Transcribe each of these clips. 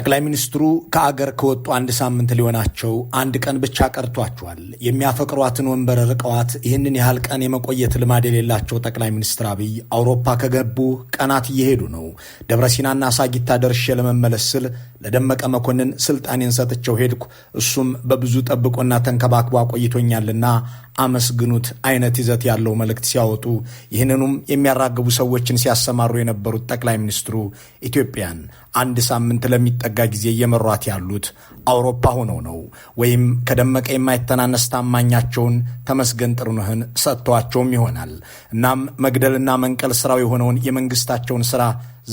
ጠቅላይ ሚኒስትሩ ከአገር ከወጡ አንድ ሳምንት ሊሆናቸው አንድ ቀን ብቻ ቀርቷቸዋል። የሚያፈቅሯትን ወንበር ርቀዋት ይህንን ያህል ቀን የመቆየት ልማድ የሌላቸው ጠቅላይ ሚኒስትር አብይ አውሮፓ ከገቡ ቀናት እየሄዱ ነው። ደብረሲናና ሳጊታ ደርሼ ለመመለስ ስል ለደመቀ መኮንን ስልጣኔን ሰጥቼው ሄድኩ። እሱም በብዙ ጠብቆና ተንከባክቦ አቆይቶኛልና አመስግኑት አይነት ይዘት ያለው መልእክት ሲያወጡ፣ ይህንኑም የሚያራግቡ ሰዎችን ሲያሰማሩ የነበሩት ጠቅላይ ሚኒስትሩ ኢትዮጵያን አንድ ሳምንት ለሚጠጋ ጊዜ እየመሯት ያሉት አውሮፓ ሆነው ነው ወይም ከደመቀ የማይተናነስ ታማኛቸውን ተመስገን ጥሩነህን ሰጥተዋቸውም ይሆናል። እናም መግደልና መንቀል ስራው የሆነውን የመንግስታቸውን ስራ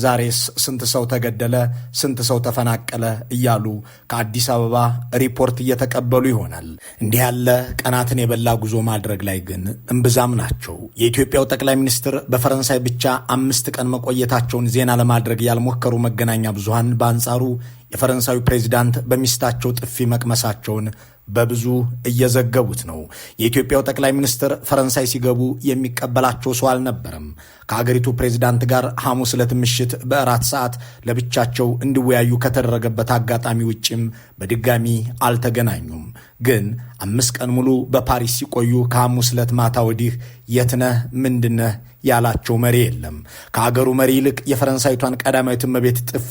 ዛሬስ ስንት ሰው ተገደለ፣ ስንት ሰው ተፈናቀለ እያሉ ከአዲስ አበባ ሪፖርት እየተቀበሉ ይሆናል። እንዲህ ያለ ቀናትን የበላ ጉዞ ማድረግ ላይ ግን እምብዛም ናቸው። የኢትዮጵያው ጠቅላይ ሚኒስትር በፈረንሳይ ብቻ አምስት ቀን መቆየታቸውን ዜና ለማድረግ ያልሞከሩ መገናኛ ብዙሃን በአንጻሩ የፈረንሳዩ ፕሬዚዳንት በሚስታቸው ጥፊ መቅመሳቸውን በብዙ እየዘገቡት ነው። የኢትዮጵያው ጠቅላይ ሚኒስትር ፈረንሳይ ሲገቡ የሚቀበላቸው ሰው አልነበረም። ከአገሪቱ ፕሬዚዳንት ጋር ሐሙስ ዕለት ምሽት በእራት ሰዓት ለብቻቸው እንዲወያዩ ከተደረገበት አጋጣሚ ውጭም በድጋሚ አልተገናኙም። ግን አምስት ቀን ሙሉ በፓሪስ ሲቆዩ ከሐሙስ ዕለት ማታ ወዲህ የትነህ ምንድነህ ያላቸው መሪ የለም። ከአገሩ መሪ ይልቅ የፈረንሳይቷን ቀዳማዊት እመቤት ጥፊ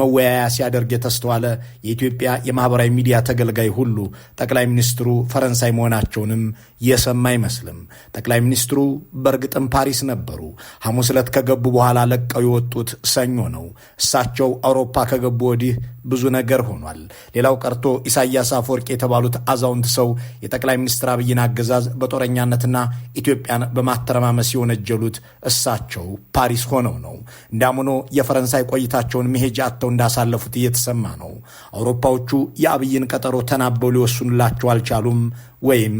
መወያያ ሲያደርግ የተስተዋለ የኢትዮጵያ የማኅበራዊ ሚዲያ ተገልጋይ ሁሉ ጠቅላይ ሚኒስትሩ ፈረንሳይ መሆናቸውንም የሰማ አይመስልም። ጠቅላይ ሚኒስትሩ በእርግጥም ፓሪስ ነበሩ። ሐሙስ ዕለት ከገቡ በኋላ ለቀው የወጡት ሰኞ ነው። እሳቸው አውሮፓ ከገቡ ወዲህ ብዙ ነገር ሆኗል። ሌላው ቀርቶ ኢሳያስ አፈወርቅ የተባሉት አዛውንት ሰው የጠቅላይ ሚኒስትር አብይን አገዛዝ በጦረኛነትና ኢትዮጵያን በማተረማመስ የወነጀሉት እሳቸው ፓሪስ ሆነው ነው። እንዳምኖ የፈረንሳይ ቆይታቸውን መሄጃ አጥተው እንዳሳለፉት እየተሰማ ነው። አውሮፓዎቹ የአብይን ቀጠሮ ተናበው ሊወስኑላቸው አልቻሉም ወይም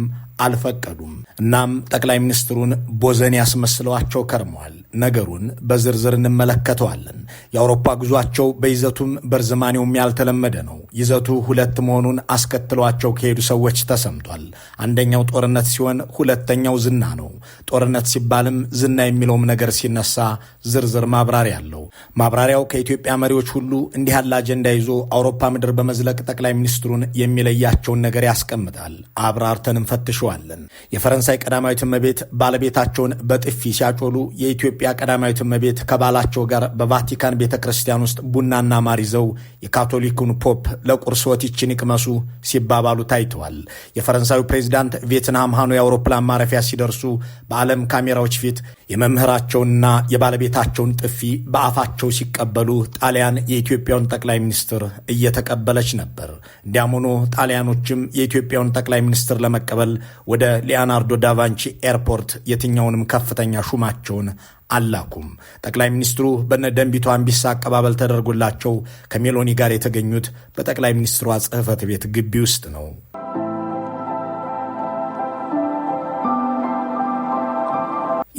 አልፈቀዱም። እናም ጠቅላይ ሚኒስትሩን ቦዘን ያስመስለዋቸው ከርመዋል። ነገሩን በዝርዝር እንመለከተዋለን። የአውሮፓ ጉዟቸው በይዘቱም በርዝማኔውም ያልተለመደ ነው። ይዘቱ ሁለት መሆኑን አስከትሏቸው ከሄዱ ሰዎች ተሰምቷል። አንደኛው ጦርነት ሲሆን፣ ሁለተኛው ዝና ነው። ጦርነት ሲባልም ዝና የሚለውም ነገር ሲነሳ ዝርዝር ማብራሪያ አለው። ማብራሪያው ከኢትዮጵያ መሪዎች ሁሉ እንዲህ ያለ አጀንዳ ይዞ አውሮፓ ምድር በመዝለቅ ጠቅላይ ሚኒስትሩን የሚለያቸውን ነገር ያስቀምጣል። አብራርተን እንፈትሸዋለን። የፈረንሳይ ቀዳማዊት እመቤት ባለቤታቸውን በጥፊ ሲያጮሉ የኢትዮ የኢትዮጵያ ቀዳማዊት እመቤት ከባላቸው ጋር በቫቲካን ቤተ ክርስቲያን ውስጥ ቡናና ማር ይዘው የካቶሊኩን ፖፕ ለቁርስ ወቲችን ይቅመሱ ሲባባሉ ታይተዋል። የፈረንሳዩ ፕሬዚዳንት ቪየትናም ሃኖይ የአውሮፕላን ማረፊያ ሲደርሱ በዓለም ካሜራዎች ፊት የመምህራቸውንና የባለቤታቸውን ጥፊ በአፋቸው ሲቀበሉ ጣሊያን የኢትዮጵያውን ጠቅላይ ሚኒስትር እየተቀበለች ነበር። እንዲያም ሆኖ ጣሊያኖችም የኢትዮጵያውን ጠቅላይ ሚኒስትር ለመቀበል ወደ ሊዮናርዶ ዳቫንቺ ኤርፖርት የትኛውንም ከፍተኛ ሹማቸውን አላኩም። ጠቅላይ ሚኒስትሩ በነ ደንቢቱ አንቢሳ አቀባበል ተደርጎላቸው ከሜሎኒ ጋር የተገኙት በጠቅላይ ሚኒስትሯ ጽህፈት ቤት ግቢ ውስጥ ነው።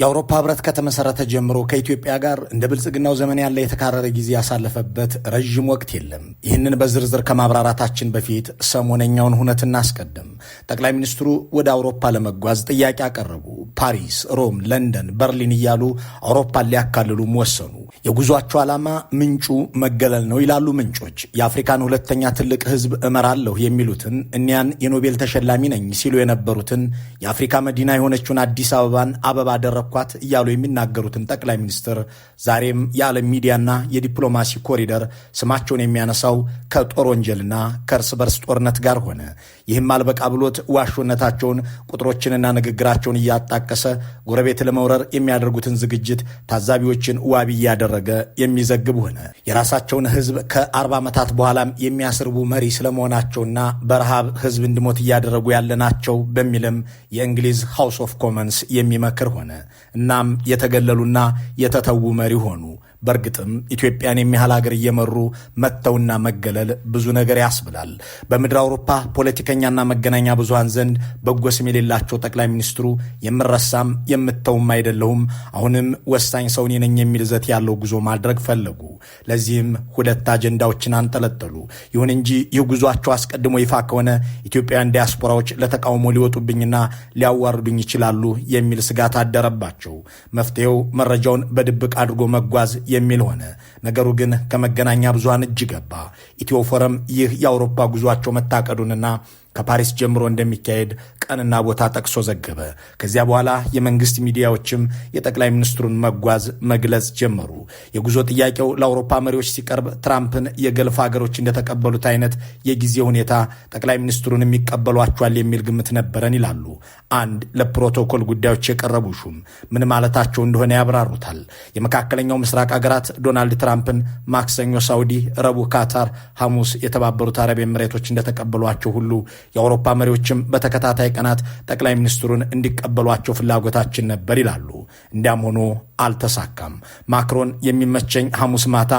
የአውሮፓ ህብረት ከተመሰረተ ጀምሮ ከኢትዮጵያ ጋር እንደ ብልጽግናው ዘመን ያለ የተካረረ ጊዜ ያሳለፈበት ረዥም ወቅት የለም። ይህንን በዝርዝር ከማብራራታችን በፊት ሰሞነኛውን ሁነት እናስቀድም። ጠቅላይ ሚኒስትሩ ወደ አውሮፓ ለመጓዝ ጥያቄ አቀረቡ። ፓሪስ፣ ሮም፣ ለንደን፣ በርሊን እያሉ አውሮፓን ሊያካልሉም ወሰኑ። የጉዟቸው ዓላማ ምንጩ መገለል ነው ይላሉ ምንጮች። የአፍሪካን ሁለተኛ ትልቅ ህዝብ እመራለሁ የሚሉትን እኒያን የኖቤል ተሸላሚ ነኝ ሲሉ የነበሩትን የአፍሪካ መዲና የሆነችውን አዲስ አበባን አበባ አደረኩ ማኳት እያሉ የሚናገሩትን ጠቅላይ ሚኒስትር ዛሬም የዓለም ሚዲያና የዲፕሎማሲ ኮሪደር ስማቸውን የሚያነሳው ከጦር ወንጀልና ከእርስ በርስ ጦርነት ጋር ሆነ። ይህም አልበቃ ብሎት ዋሾነታቸውን ቁጥሮችንና ንግግራቸውን እያጣቀሰ ጎረቤት ለመውረር የሚያደርጉትን ዝግጅት ታዛቢዎችን ዋቢ እያደረገ የሚዘግብ ሆነ። የራሳቸውን ህዝብ ከአርባ ዓመታት በኋላም የሚያስርቡ መሪ ስለመሆናቸውና በረሃብ ህዝብ እንዲሞት እያደረጉ ያለ ናቸው በሚልም የእንግሊዝ ሃውስ ኦፍ ኮመንስ የሚመክር ሆነ። እናም የተገለሉና የተተዉ መሪ ሆኑ። በእርግጥም ኢትዮጵያን የሚያህል ሀገር እየመሩ መተውና መገለል ብዙ ነገር ያስብላል። በምድር አውሮፓ ፖለቲከኛና መገናኛ ብዙሃን ዘንድ በጎ ስም የሌላቸው ጠቅላይ ሚኒስትሩ የምረሳም የምተውም አይደለሁም፣ አሁንም ወሳኝ ሰው እኔ ነኝ የሚል ዘት ያለው ጉዞ ማድረግ ፈለጉ። ለዚህም ሁለት አጀንዳዎችን አንጠለጠሉ። ይሁን እንጂ ይህ ጉዟቸው አስቀድሞ ይፋ ከሆነ ኢትዮጵያውያን ዲያስፖራዎች ለተቃውሞ ሊወጡብኝና ሊያዋርዱኝ ይችላሉ የሚል ስጋት አደረባቸው። መፍትሄው መረጃውን በድብቅ አድርጎ መጓዝ የሚል ሆነ። ነገሩ ግን ከመገናኛ ብዙሃን እጅ ገባ። ኢትዮፎረም ይህ የአውሮፓ ጉዟቸው መታቀዱንና ከፓሪስ ጀምሮ እንደሚካሄድ ቀንና ቦታ ጠቅሶ ዘገበ። ከዚያ በኋላ የመንግስት ሚዲያዎችም የጠቅላይ ሚኒስትሩን መጓዝ መግለጽ ጀመሩ። የጉዞ ጥያቄው ለአውሮፓ መሪዎች ሲቀርብ ትራምፕን የገልፍ ሀገሮች እንደተቀበሉት አይነት የጊዜ ሁኔታ ጠቅላይ ሚኒስትሩን የሚቀበሏቸዋል የሚል ግምት ነበረን ይላሉ አንድ ለፕሮቶኮል ጉዳዮች የቀረቡ ሹም። ምን ማለታቸው እንደሆነ ያብራሩታል። የመካከለኛው ምስራቅ አገራት ዶናልድ ትራምፕን ማክሰኞ ሳውዲ፣ ረቡዕ ካታር፣ ሐሙስ የተባበሩት አረብ ኤምሬቶች እንደተቀበሏቸው ሁሉ የአውሮፓ መሪዎችም በተከታታይ ቀናት ጠቅላይ ሚኒስትሩን እንዲቀበሏቸው ፍላጎታችን ነበር ይላሉ። እንዲያም ሆኖ አልተሳካም። ማክሮን የሚመቸኝ ሐሙስ ማታ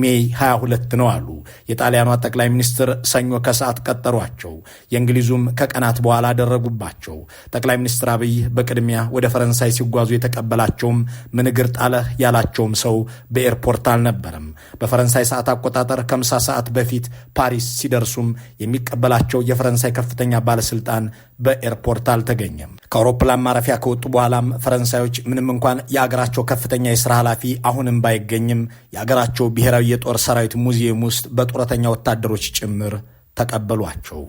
ሜይ 22 ነው አሉ። የጣሊያኗ ጠቅላይ ሚኒስትር ሰኞ ከሰዓት ቀጠሯቸው። የእንግሊዙም ከቀናት በኋላ አደረጉባቸው። ጠቅላይ ሚኒስትር አብይ በቅድሚያ ወደ ፈረንሳይ ሲጓዙ የተቀበላቸውም ምን እግር ጣለህ ያላቸውም ሰው በኤርፖርት አልነበረም። በፈረንሳይ ሰዓት አቆጣጠር ከምሳ ሰዓት በፊት ፓሪስ ሲደርሱም የሚቀበላቸው የፈረንሳይ ከፍተኛ ባለስልጣን በኤርፖርት አልተገኘም። ከአውሮፕላን ማረፊያ ከወጡ በኋላም ፈረንሳዮች ምንም እንኳን የአገራቸው ከፍተኛ የስራ ኃላፊ አሁንም ባይገኝም የአገራቸው ብሔራዊ የጦር ሰራዊት ሙዚየም ውስጥ በጡረተኛ ወታደሮች ጭምር ተቀበሏቸው።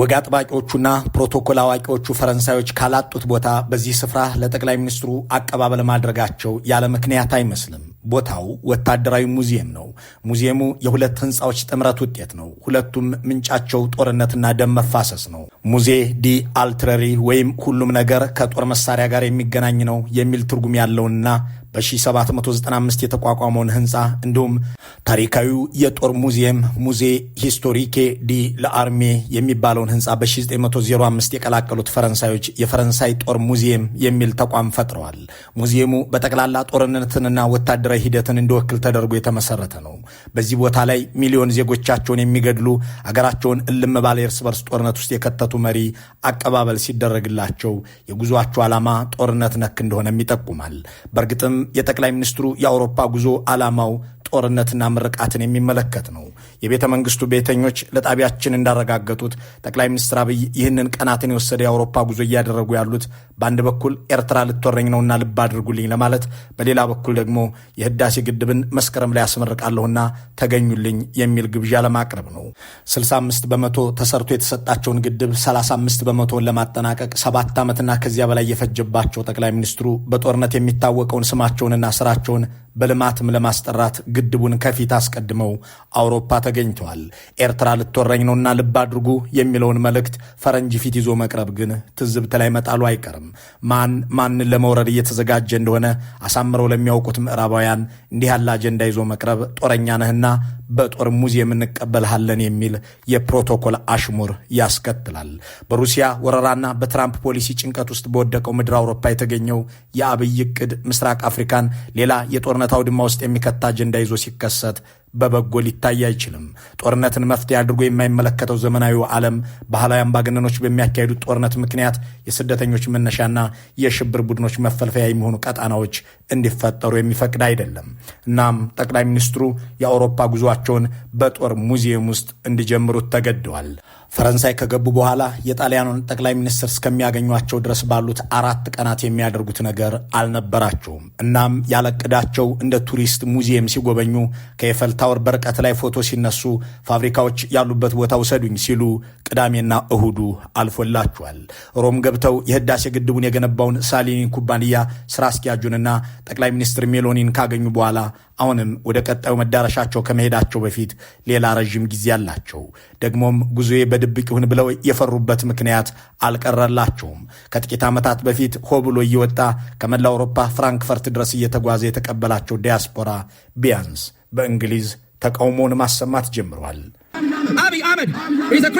ወግ አጥባቂዎቹና ፕሮቶኮል አዋቂዎቹ ፈረንሳዮች ካላጡት ቦታ በዚህ ስፍራ ለጠቅላይ ሚኒስትሩ አቀባበል ማድረጋቸው ያለ ምክንያት አይመስልም። ቦታው ወታደራዊ ሙዚየም ነው። ሙዚየሙ የሁለት ህንፃዎች ጥምረት ውጤት ነው። ሁለቱም ምንጫቸው ጦርነትና ደም መፋሰስ ነው። ሙዜ ዲ አልትረሪ ወይም ሁሉም ነገር ከጦር መሳሪያ ጋር የሚገናኝ ነው የሚል ትርጉም ያለውና በ1795 የተቋቋመውን ህንፃ እንዲሁም ታሪካዊ የጦር ሙዚየም ሙዜ ሂስቶሪኬ ዲ ለአርሜ የሚባለውን ህንፃ በ1905 የቀላቀሉት ፈረንሳዮች የፈረንሳይ ጦር ሙዚየም የሚል ተቋም ፈጥረዋል። ሙዚየሙ በጠቅላላ ጦርነትንና ወታደራዊ ሂደትን እንዲወክል ተደርጎ የተመሰረተ ነው። በዚህ ቦታ ላይ ሚሊዮን ዜጎቻቸውን የሚገድሉ አገራቸውን እልም ባለ የእርስ በርስ ጦርነት ውስጥ የከተቱ መሪ አቀባበል ሲደረግላቸው የጉዟቸው ዓላማ ጦርነት ነክ እንደሆነም ይጠቁማል። በእርግጥም የጠቅላይ ሚኒስትሩ የአውሮፓ ጉዞ ዓላማው ጦርነትና ምርቃትን የሚመለከት ነው። የቤተ መንግስቱ ቤተኞች ለጣቢያችን እንዳረጋገጡት ጠቅላይ ሚኒስትር አብይ ይህንን ቀናትን የወሰደ የአውሮፓ ጉዞ እያደረጉ ያሉት በአንድ በኩል ኤርትራ ልትወረኝ ነውና ልብ አድርጉልኝ ለማለት፣ በሌላ በኩል ደግሞ የህዳሴ ግድብን መስከረም ላይ ያስመርቃለሁና ተገኙልኝ የሚል ግብዣ ለማቅረብ ነው። 65 በመቶ ተሰርቶ የተሰጣቸውን ግድብ 35 በመቶን ለማጠናቀቅ ሰባት ዓመትና ከዚያ በላይ የፈጀባቸው ጠቅላይ ሚኒስትሩ በጦርነት የሚታወቀውን ስማቸውንና ስራቸውን በልማትም ለማስጠራት ግድቡን ከፊት አስቀድመው አውሮፓ ተገኝተዋል። ኤርትራ ልትወረኝ ነውና ልብ አድርጉ የሚለውን መልእክት ፈረንጅ ፊት ይዞ መቅረብ ግን ትዝብት ላይ መጣሉ አይቀርም። ማን ማንን ለመውረድ እየተዘጋጀ እንደሆነ አሳምረው ለሚያውቁት ምዕራባውያን እንዲህ ያለ አጀንዳ ይዞ መቅረብ ጦረኛ ነህና በጦር ሙዚየም እንቀበልሃለን የሚል የፕሮቶኮል አሽሙር ያስከትላል። በሩሲያ ወረራና በትራምፕ ፖሊሲ ጭንቀት ውስጥ በወደቀው ምድር አውሮፓ የተገኘው የአብይ ዕቅድ ምስራቅ አፍሪካን ሌላ የጦርነት አውድማ ውስጥ የሚከት አጀንዳ ይዞ ሲከሰት በበጎ ሊታይ አይችልም። ጦርነትን መፍትሄ አድርጎ የማይመለከተው ዘመናዊው ዓለም ባህላዊ አምባገነኖች በሚያካሂዱት ጦርነት ምክንያት የስደተኞች መነሻና የሽብር ቡድኖች መፈልፈያ የሚሆኑ ቀጣናዎች እንዲፈጠሩ የሚፈቅድ አይደለም። እናም ጠቅላይ ሚኒስትሩ የአውሮፓ ጉዟቸውን በጦር ሙዚየም ውስጥ እንዲጀምሩት ተገደዋል። ፈረንሳይ ከገቡ በኋላ የጣሊያኑን ጠቅላይ ሚኒስትር እስከሚያገኟቸው ድረስ ባሉት አራት ቀናት የሚያደርጉት ነገር አልነበራቸውም። እናም ያለቅዳቸው እንደ ቱሪስት ሙዚየም ሲጎበኙ ከኤፈል ታወር በርቀት ላይ ፎቶ ሲነሱ ፋብሪካዎች ያሉበት ቦታ ውሰዱኝ ሲሉ ቅዳሜና እሁዱ አልፎላቸዋል። ሮም ገብተው የህዳሴ ግድቡን የገነባውን ሳሊኒ ኩባንያ ስራ አስኪያጁንና ጠቅላይ ሚኒስትር ሜሎኒን ካገኙ በኋላ አሁንም ወደ ቀጣዩ መዳረሻቸው ከመሄዳቸው በፊት ሌላ ረዥም ጊዜ አላቸው። ደግሞም ጉዞዬ በድብቅ ይሁን ብለው የፈሩበት ምክንያት አልቀረላቸውም። ከጥቂት ዓመታት በፊት ሆ ብሎ እየወጣ ከመላ አውሮፓ ፍራንክፈርት ድረስ እየተጓዘ የተቀበላቸው ዲያስፖራ ቢያንስ በእንግሊዝ ተቃውሞውን ማሰማት ጀምሯል። አብይ አህመድ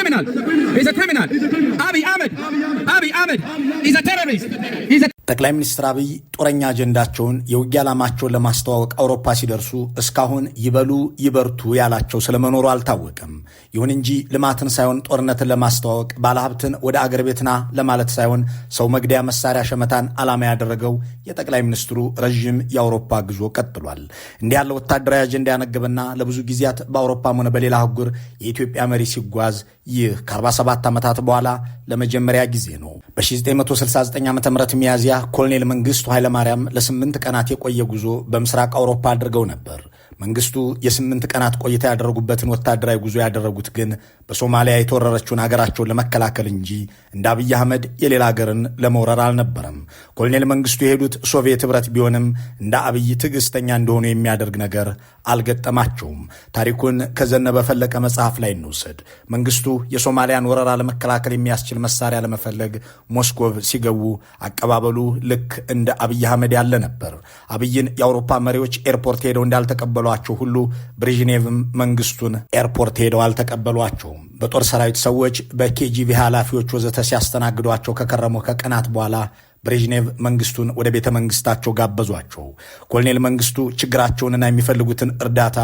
ጠቅላይ ሚኒስትር አብይ ጦረኛ አጀንዳቸውን የውጊያ ዓላማቸውን ለማስተዋወቅ አውሮፓ ሲደርሱ እስካሁን ይበሉ ይበርቱ ያላቸው ስለመኖሩ አልታወቅም። ይሁን እንጂ ልማትን ሳይሆን ጦርነትን ለማስተዋወቅ ባለሀብትን ወደ አገር ቤትና ለማለት ሳይሆን ሰው መግደያ መሳሪያ ሸመታን ዓላማ ያደረገው የጠቅላይ ሚኒስትሩ ረዥም የአውሮፓ ጉዞ ቀጥሏል። እንዲህ ያለ ወታደራዊ አጀንዳ ያነገበና ለብዙ ጊዜያት በአውሮፓም ሆነ በሌላ አህጉር የኢትዮጵያ መሪ ሲጓዝ ይህ ከ47 ዓመታት በኋላ ለመጀመሪያ ጊዜ ነው። በ1969 ዓ ም ሚያዝያ ኮሎኔል መንግስቱ ኃይለማርያም ለስምንት ቀናት የቆየ ጉዞ በምስራቅ አውሮፓ አድርገው ነበር። መንግስቱ የስምንት ቀናት ቆይታ ያደረጉበትን ወታደራዊ ጉዞ ያደረጉት ግን በሶማሊያ የተወረረችውን ሀገራቸውን ለመከላከል እንጂ እንደ አብይ አህመድ የሌላ ሀገርን ለመውረር አልነበረም። ኮሎኔል መንግስቱ የሄዱት ሶቪየት ህብረት ቢሆንም እንደ አብይ ትዕግስተኛ እንደሆኑ የሚያደርግ ነገር አልገጠማቸውም። ታሪኩን ከዘነበ ፈለቀ መጽሐፍ ላይ እንውሰድ። መንግስቱ የሶማሊያን ወረራ ለመከላከል የሚያስችል መሳሪያ ለመፈለግ ሞስኮቭ ሲገቡ አቀባበሉ ልክ እንደ አብይ አህመድ ያለ ነበር። አብይን የአውሮፓ መሪዎች ኤርፖርት ሄደው እንዳልተቀበሉ እንዳሏቸው ሁሉ ብሬዥኔቭም መንግስቱን ኤርፖርት ሄደው አልተቀበሏቸውም። በጦር ሰራዊት ሰዎች፣ በኬጂቪ ኃላፊዎች ወዘተ ሲያስተናግዷቸው ከከረሙ ከቀናት በኋላ ብሬዥኔቭ መንግስቱን ወደ ቤተ መንግስታቸው ጋበዟቸው። ኮሎኔል መንግስቱ ችግራቸውንና የሚፈልጉትን እርዳታ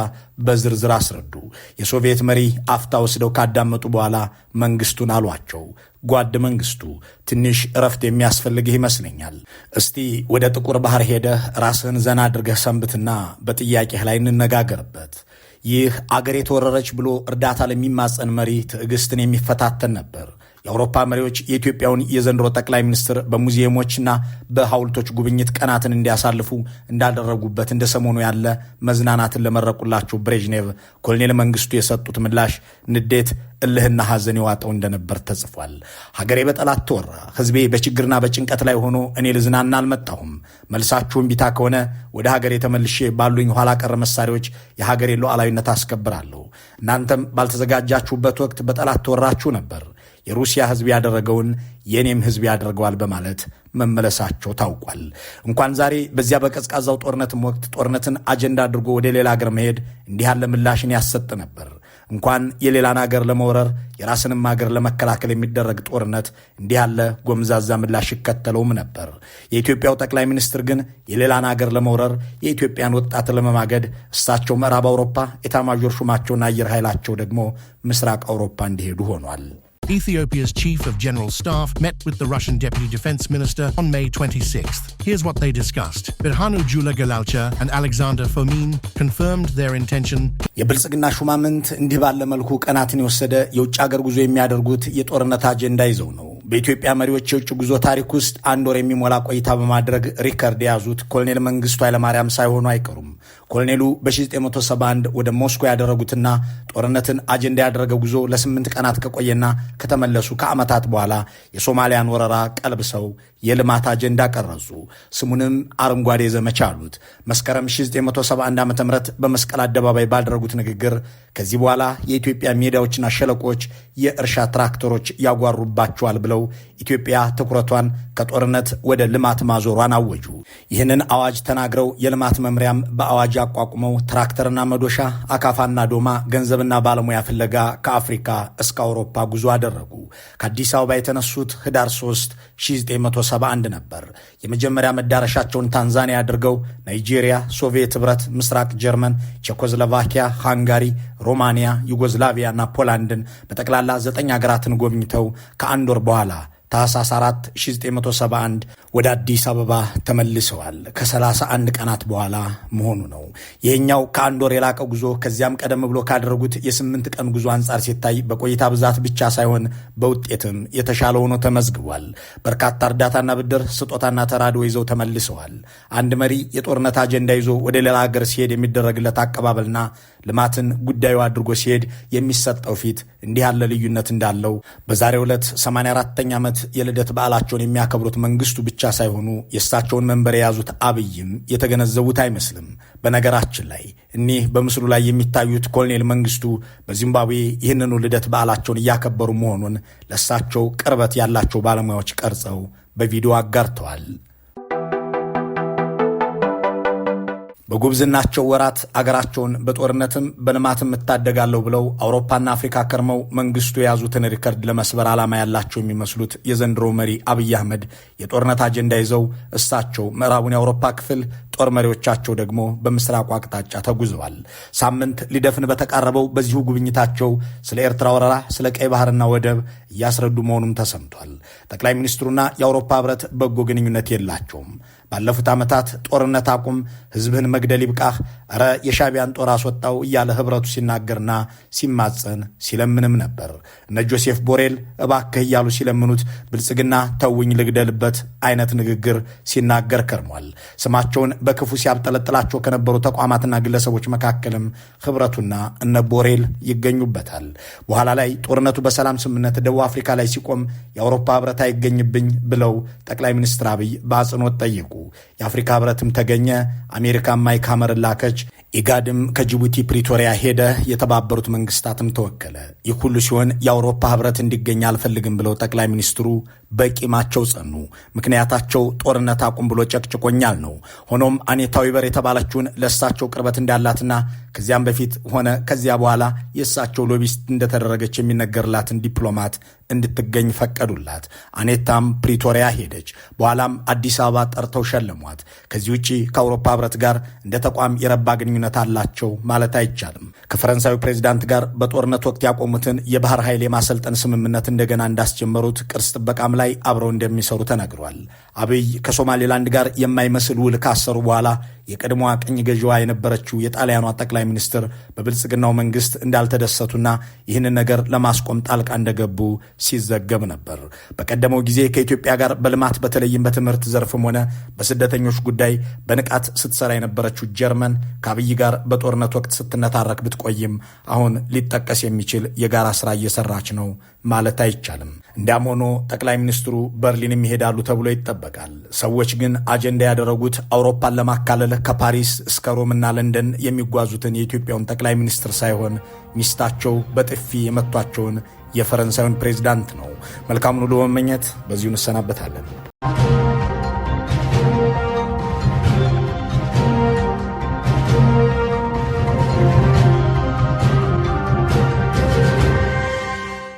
በዝርዝር አስረዱ። የሶቪየት መሪ አፍታ ወስደው ካዳመጡ በኋላ መንግስቱን አሏቸው፣ ጓድ መንግስቱ ትንሽ እረፍት የሚያስፈልግህ ይመስለኛል። እስቲ ወደ ጥቁር ባህር ሄደህ ራስህን ዘና አድርገህ ሰንብትና በጥያቄህ ላይ እንነጋገርበት። ይህ አገር የተወረረች ብሎ እርዳታ ለሚማጸን መሪ ትዕግስትን የሚፈታተን ነበር። የአውሮፓ መሪዎች የኢትዮጵያውን የዘንድሮ ጠቅላይ ሚኒስትር በሙዚየሞችና በሐውልቶች ጉብኝት ቀናትን እንዲያሳልፉ እንዳደረጉበት እንደ ሰሞኑ ያለ መዝናናትን ለመረቁላቸው ብሬዥኔቭ ኮሎኔል መንግስቱ የሰጡት ምላሽ ንዴት፣ እልህና ሐዘን የዋጠው እንደነበር ተጽፏል። ሀገሬ በጠላት ተወራ፣ ህዝቤ በችግርና በጭንቀት ላይ ሆኖ እኔ ልዝናና አልመጣሁም። መልሳችሁን ቢታ ከሆነ ወደ ሀገሬ ተመልሼ ባሉኝ ኋላ ቀር መሳሪያዎች የሀገሬ ሉዓላዊነት አስከብራለሁ። እናንተም ባልተዘጋጃችሁበት ወቅት በጠላት ተወራችሁ ነበር። የሩሲያ ህዝብ ያደረገውን የእኔም ህዝብ ያደርገዋል በማለት መመለሳቸው ታውቋል። እንኳን ዛሬ በዚያ በቀዝቃዛው ጦርነትም ወቅት ጦርነትን አጀንዳ አድርጎ ወደ ሌላ አገር መሄድ እንዲህ ያለ ምላሽን ያሰጥ ነበር። እንኳን የሌላን አገር ለመውረር የራስንም አገር ለመከላከል የሚደረግ ጦርነት እንዲህ ያለ ጎምዛዛ ምላሽ ይከተለውም ነበር። የኢትዮጵያው ጠቅላይ ሚኒስትር ግን የሌላን አገር ለመውረር የኢትዮጵያን ወጣት ለመማገድ እሳቸው ምዕራብ አውሮፓ ኤታማዦር ሹማቸውና አየር ኃይላቸው ደግሞ ምስራቅ አውሮፓ እንዲሄዱ ሆኗል። Ethiopia's chief of general staff met with the Russian deputy defense minister on May 26th. Here's what they discussed. Birhanu Jula Galalcha and Alexander Fomin confirmed their intention የብልጽግና ሹማምንት እንዲህ ባለ መልኩ ቀናትን የወሰደ የውጭ ጉዞ የሚያደርጉት የጦርነት አጀንዳ ይዘው ነው በኢትዮጵያ መሪዎች የውጭ ጉዞ ታሪክ ውስጥ አንድ ወር የሚሞላ ቆይታ በማድረግ ሪከርድ የያዙት ኮሎኔል መንግስቱ ኃይለማርያም ሳይሆኑ አይቀሩም። ኮሎኔሉ በ1971 ወደ ሞስኮ ያደረጉትና ጦርነትን አጀንዳ ያደረገ ጉዞ ለስምንት ቀናት ከቆየና ከተመለሱ ከዓመታት በኋላ የሶማሊያን ወረራ ቀልብሰው የልማት አጀንዳ ቀረጹ። ስሙንም አረንጓዴ ዘመቻ አሉት። መስከረም 1971 ዓ ም በመስቀል አደባባይ ባደረጉት ንግግር ከዚህ በኋላ የኢትዮጵያ ሜዳዎችና ሸለቆዎች የእርሻ ትራክተሮች ያጓሩባቸዋል ብለው ኢትዮጵያ ትኩረቷን ከጦርነት ወደ ልማት ማዞሯን አወጁ። ይህንን አዋጅ ተናግረው የልማት መምሪያም በአዋጅ አቋቁመው ትራክተርና መዶሻ፣ አካፋና ዶማ፣ ገንዘብና ባለሙያ ፍለጋ ከአፍሪካ እስከ አውሮፓ ጉዞ አደረጉ። ከአዲስ አበባ የተነሱት ህዳር 3 1971 ነበር። የመጀመሪያ መዳረሻቸውን ታንዛኒያ አድርገው ናይጄሪያ፣ ሶቪየት ህብረት፣ ምስራቅ ጀርመን፣ ቼኮዝሎቫኪያ፣ ሃንጋሪ፣ ሮማንያ፣ እና ፖላንድን በጠቅላላ ዘጠኝ ሀገራትን ጎብኝተው ከአንድ ወር በኋላ ታህሳስ 4 1971 ወደ አዲስ አበባ ተመልሰዋል። ከ31 ቀናት በኋላ መሆኑ ነው። ይህኛው ከአንድ ወር የላቀ ጉዞ ከዚያም ቀደም ብሎ ካደረጉት የስምንት ቀን ጉዞ አንጻር ሲታይ በቆይታ ብዛት ብቻ ሳይሆን በውጤትም የተሻለ ሆኖ ተመዝግቧል። በርካታ እርዳታና ብድር፣ ስጦታና ተራድኦ ይዘው ተመልሰዋል። አንድ መሪ የጦርነት አጀንዳ ይዞ ወደ ሌላ ሀገር ሲሄድ የሚደረግለት አቀባበልና ልማትን ጉዳዩ አድርጎ ሲሄድ የሚሰጠው ፊት እንዲህ ያለ ልዩነት እንዳለው በዛሬው ዕለት 84ኛ ዓመት ዓመት የልደት በዓላቸውን የሚያከብሩት መንግስቱ ብቻ ሳይሆኑ የእሳቸውን መንበር የያዙት አብይም የተገነዘቡት አይመስልም። በነገራችን ላይ እኒህ በምስሉ ላይ የሚታዩት ኮሎኔል መንግስቱ በዚምባብዌ ይህንኑ ልደት በዓላቸውን እያከበሩ መሆኑን ለእሳቸው ቅርበት ያላቸው ባለሙያዎች ቀርጸው በቪዲዮ አጋርተዋል። በጉብዝናቸው ወራት አገራቸውን በጦርነትም በልማትም እታደጋለሁ ብለው አውሮፓና አፍሪካ ከርመው መንግስቱ የያዙትን ሪከርድ ለመስበር ዓላማ ያላቸው የሚመስሉት የዘንድሮ መሪ አብይ አህመድ የጦርነት አጀንዳ ይዘው እሳቸው ምዕራቡን የአውሮፓ ክፍል ጦር መሪዎቻቸው ደግሞ በምስራቁ አቅጣጫ ተጉዘዋል። ሳምንት ሊደፍን በተቃረበው በዚሁ ጉብኝታቸው ስለ ኤርትራ ወረራ፣ ስለ ቀይ ባህርና ወደብ እያስረዱ መሆኑም ተሰምቷል። ጠቅላይ ሚኒስትሩና የአውሮፓ ህብረት በጎ ግንኙነት የላቸውም። ባለፉት ዓመታት ጦርነት አቁም፣ ህዝብህን መግደል ይብቃህ፣ እረ የሻቢያን ጦር አስወጣው እያለ ህብረቱ ሲናገርና ሲማጸን ሲለምንም ነበር። እነ ጆሴፍ ቦሬል እባክህ እያሉ ሲለምኑት ብልጽግና ተውኝ ልግደልበት አይነት ንግግር ሲናገር ከርሟል። ስማቸውን በክፉ ሲያብጠለጥላቸው ከነበሩ ተቋማትና ግለሰቦች መካከልም ህብረቱና እነ ቦሬል ይገኙበታል። በኋላ ላይ ጦርነቱ በሰላም ስምምነት ደቡብ አፍሪካ ላይ ሲቆም የአውሮፓ ህብረት አይገኝብኝ ብለው ጠቅላይ ሚኒስትር አብይ በአጽንኦት ጠየቁ። የአፍሪካ ህብረትም ተገኘ። አሜሪካ ማይክ ሐመርን ላከች። ኢጋድም ከጅቡቲ ፕሪቶሪያ ሄደ። የተባበሩት መንግስታትም ተወከለ። ይህ ሁሉ ሲሆን የአውሮፓ ህብረት እንዲገኝ አልፈልግም ብለው ጠቅላይ ሚኒስትሩ በቂማቸው ጸኑ። ምክንያታቸው ጦርነት አቁም ብሎ ጨቅጭቆኛል ነው። ሆኖም አኔታዊ በር የተባለችውን ለእሳቸው ቅርበት እንዳላትና ከዚያም በፊት ሆነ ከዚያ በኋላ የእሳቸው ሎቢስት እንደተደረገች የሚነገርላትን ዲፕሎማት እንድትገኝ ፈቀዱላት። አኔታም ፕሪቶሪያ ሄደች። በኋላም አዲስ አበባ ጠርተው ሸለሟት። ከዚህ ውጭ ከአውሮፓ ህብረት ጋር እንደ ተቋም የረባ ግንኙነት አላቸው ማለት አይቻልም። ከፈረንሳዊ ፕሬዚዳንት ጋር በጦርነት ወቅት ያቆሙትን የባህር ኃይል የማሰልጠን ስምምነት እንደገና እንዳስጀመሩት ቅርስ ጥበቃም ላይ አብረው እንደሚሰሩ ተነግሯል። አብይ ከሶማሌላንድ ጋር የማይመስል ውል ካሰሩ በኋላ የቀድሞዋ ቅኝ ገዢዋ የነበረችው የጣሊያኗ ጠቅላይ ሚኒስትር በብልጽግናው መንግስት እንዳልተደሰቱና ይህንን ነገር ለማስቆም ጣልቃ እንደገቡ ሲዘገብ ነበር። በቀደመው ጊዜ ከኢትዮጵያ ጋር በልማት በተለይም በትምህርት ዘርፍም ሆነ በስደተኞች ጉዳይ በንቃት ስትሰራ የነበረችው ጀርመን ከአብይ ጋር በጦርነት ወቅት ስትነታረክ ብትቆይም አሁን ሊጠቀስ የሚችል የጋራ ስራ እየሰራች ነው ማለት አይቻልም። እንዲያም ሆኖ ጠቅላይ ሚኒስትሩ በርሊንም ይሄዳሉ ተብሎ ይጠበቃል። ይጠበቃል። ሰዎች ግን አጀንዳ ያደረጉት አውሮፓን ለማካለል ከፓሪስ እስከ ሮምና ለንደን የሚጓዙትን የኢትዮጵያውን ጠቅላይ ሚኒስትር ሳይሆን ሚስታቸው በጥፊ የመቷቸውን የፈረንሳዩን ፕሬዚዳንት ነው። መልካሙን ሁሉ በመመኘት በዚሁ እንሰናበታለን።